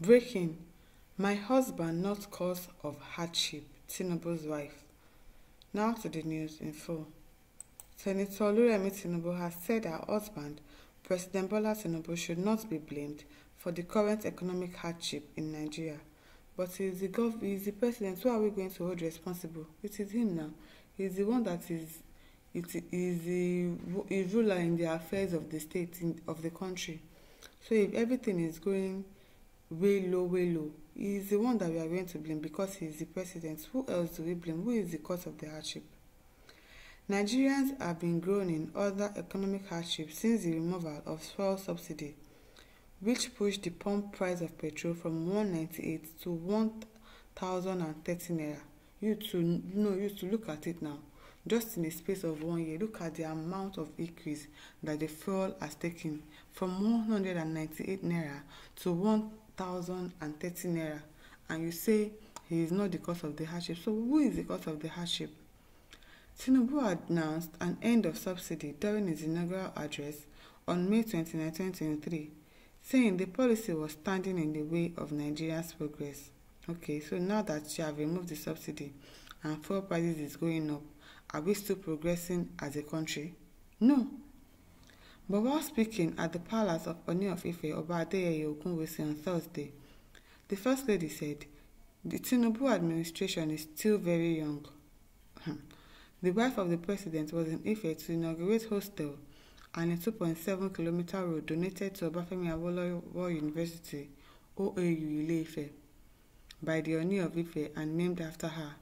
breaking my husband not cause of hardship tinubu's wife now to the news in full senator Luremi tinubu has said her husband president bola tinubu should not be blamed for the current economic hardship in nigeria but he is the gov he is the president who are we going to hold responsible it is him now he is the one that is it is the a ruler in the affairs of the state in, of the country so if everything is going Welo Welo. He is the one that we are going to blame because he is the president. Who else do we blame? Who is the cause of the hardship? Nigerians have been groaning other economic hardship since the removal of fuel subsidy, which pushed the pump price of petrol from 198 to 1,030 naira. You to no, you to look at it now. Just in a space of one year, look at the amount of increase that the fuel has taken from 198 naira to 1,030 thousand and thirty naira and you say he is not the cause of the hardship so who is the cause of the hardship tinubu announced an end of subsidy during his inaugural address on may 29 2023 saying the policy was standing in the way of nigeria's progress okay so now that you have removed the subsidy and fuel prices is going up are we still progressing as a country no But while speaking at the palace of Oni of Ife, Oba Ogunwusi on Thursday, the First Lady said, the Tinubu administration is still very young. Hmm. the wife of the president was in Ife to inaugurate hostel and a 2.7 kilometer road donated to Obafemi Awolowo University, OAU Ile-Ife, by the Oni of Ife and named after her.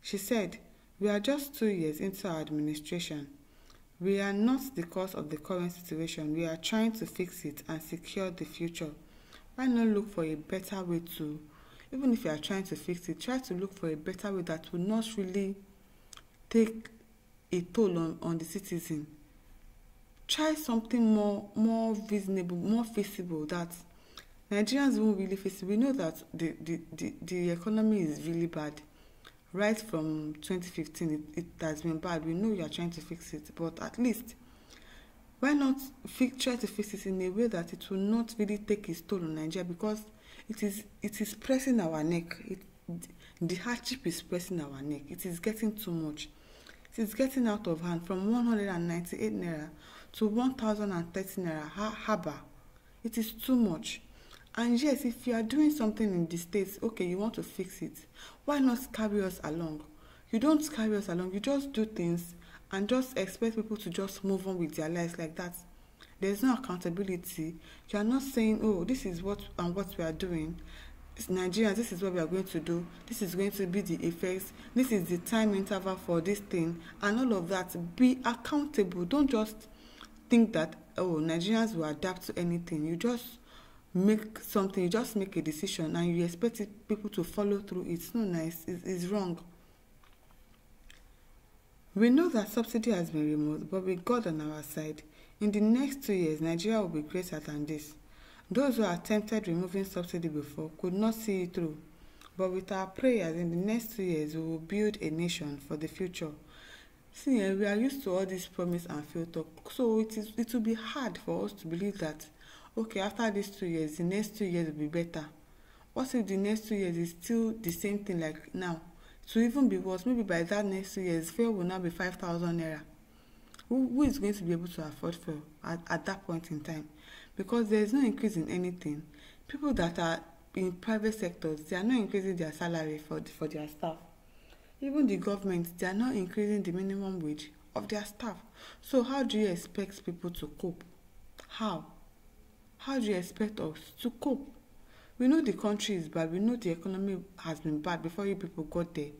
She said, We are just two years into our administration. We are not the cause of the current situation. We are trying to fix it and secure the future. Why not look for a better way to, even if you are trying to fix it, try to look for a better way that will not really take a toll on, on the citizen. Try something more more reasonable, more feasible that Nigerians won't really face. We know that the, the, the, the economy is really bad right from 2015 it, it has been bad we know you are trying to fix it but at least why not fix, try to fix it in a way that it will not really take its toll on nigeria because it is it is pressing our neck it the hardship is pressing our neck it is getting too much it is getting out of hand from 198 naira to 1030 naira ha haba it is too much And yes, if you are doing something in the States, okay, you want to fix it. Why not carry us along? You don't carry us along, you just do things and just expect people to just move on with their lives like that. There's no accountability. You are not saying, oh, this is what and what we are doing. Nigerians, this is what we are going to do. This is going to be the effect. This is the time interval for this thing. And all of that. Be accountable. Don't just think that, oh, Nigerians will adapt to anything. You just make something you just make a decision and you expect it, people to follow through it's not nice it's, it's wrong we know that subsidy has been removed but with god on our side in the next two years nigeria will be greater than this those who attempted removing subsidy before could not see it through but with our prayers in the next two years we will build a nation for the future see eh, we are used to all this promise and fail talk so it is it will be hard for us to believe that okay after these two years the next two years will be better what if the next two years is still the same thing like now to even be worse maybe by that next two years fare will now be five thousand naira who who is going to be able to afford fare at at that point in time because there is no increase in anything people that are in private sectors they are not increasing their salary for for their staff even the government they are not increasing the minimum wage of their staff so how do you expect people to cope how how do you expect us to cope? We know the country is bad, we know the economy has been bad before you people got there,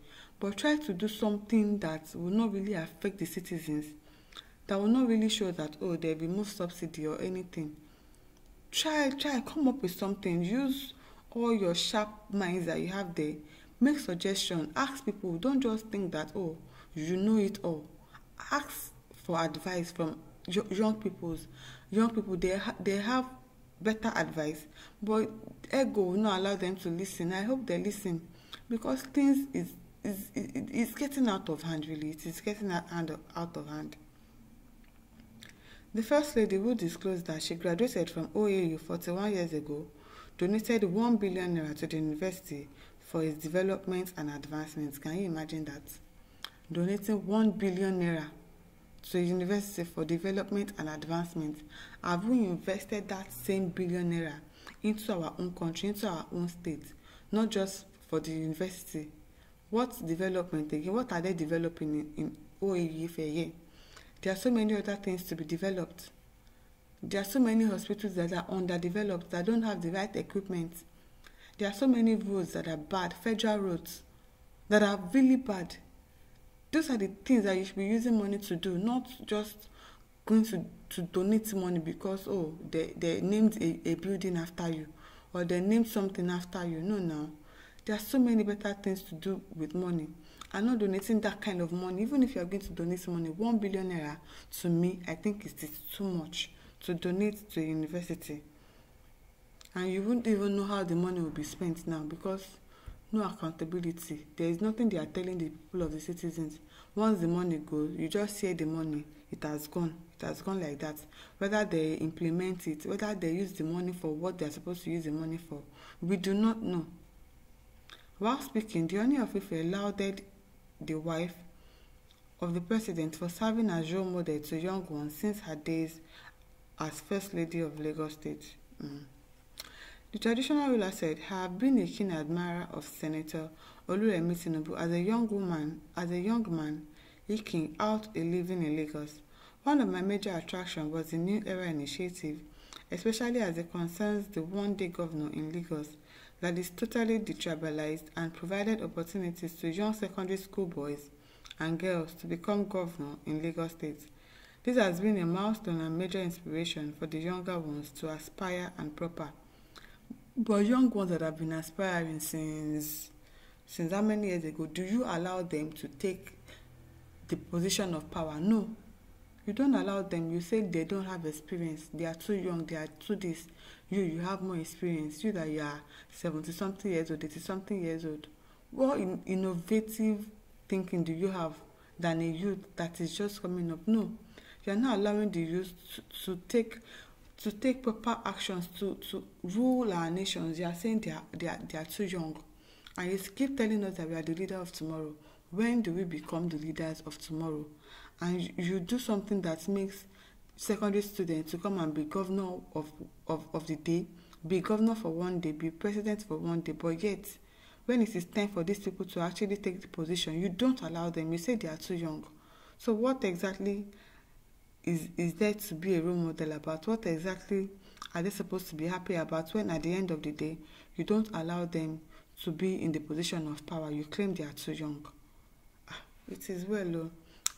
but try to do something that will not really affect the citizens, that will not really show that, oh, there will be more subsidy or anything. Try, try, come up with something. Use all your sharp minds that you have there. Make suggestions. Ask people. Don't just think that, oh, you know it all. Ask for advice from young people. Young people, they, ha they have better advice but ego will not allow them to listen i hope they listen because things is is is getting out of hand really it is getting out of, out of hand the first lady who disclosed that she graduated from OAU 41 years ago donated 1 billion naira to the university for its development and advancement. Can you imagine that? Donating 1 billion naira to University for Development and Advancement, have we invested that same billion naira into our own country, into our own state, not just for the university? What development again? What are they developing in, in OEFAA? E e There are so many other things to be developed. There are so many hospitals that are underdeveloped, that don't have the right equipment. There are so many roads that are bad, federal roads that are really bad those are the things that you should be using money to do not just going to to donate money because oh they they named a, a building after you or they named something after you no now there are so many better things to do with money i'm not donating that kind of money even if you are going to donate some money one billionaire to me i think it is too much to donate to a university and you wouldn't even know how the money will be spent now because no accountability there is nothing they are telling the people of the citizens once the money go you just hear the money it has gone it has gone like that whether they implement it whether they use the money for what they are supposed to use the money for we do not know while speaking the only of Ife lauded the wife of the president for serving as role model to young ones since her days as first lady of Lagos state. Mm. The traditional ruler said, I have been a keen admirer of Senator Oluremi Tinubu as a young woman, as a young man, eking out a living in Lagos. One of my major attractions was the New Era initiative, especially as it concerns the one-day governor in Lagos that is totally detribalized and provided opportunities to young secondary school boys and girls to become governor in Lagos State. This has been a milestone and major inspiration for the younger ones to aspire and proper. But young ones that have been aspiring since since how many years ago, do you allow them to take the position of power? No. You don't allow them. You say they don't have experience. They are too young. They are too this. You, you have more experience. You that you are seventy something years old, eighty something years old. What in innovative thinking do you have than a youth that is just coming up? No. You are not allowing the youth to, to take to take proper actions to, to rule our nations. you are saying they are, they, are, they are too young. And you keep telling us that we are the leader of tomorrow. When do we become the leaders of tomorrow? And you do something that makes secondary students to come and be governor of, of, of the day, be governor for one day, be president for one day, but yet when it is time for these people to actually take the position, you don't allow them. You say they are too young. So what exactly is, is there to be a role model about? What exactly are they supposed to be happy about when at the end of the day you don't allow them to be in the position of power? You claim they are too young. Ah, it is well, oh.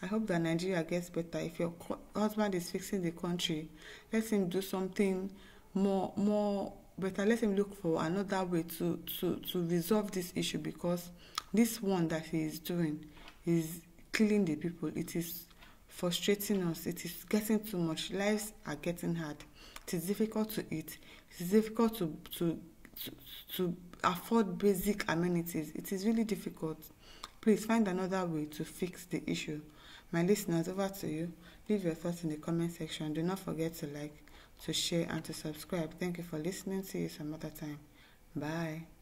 I hope that Nigeria gets better. If your husband is fixing the country, let him do something more, more better. Let him look for another way to, to, to resolve this issue because this one that he is doing is killing the people. It is frustrating us. It is getting too much. Lives are getting hard. It is difficult to eat. It is difficult to, to, to, to afford basic amenities. It is really difficult. Please find another way to fix the issue. My listeners, over to you. Leave your thoughts in the comment section. Do not forget to like, to share, and to subscribe. Thank you for listening. See you some other time. Bye.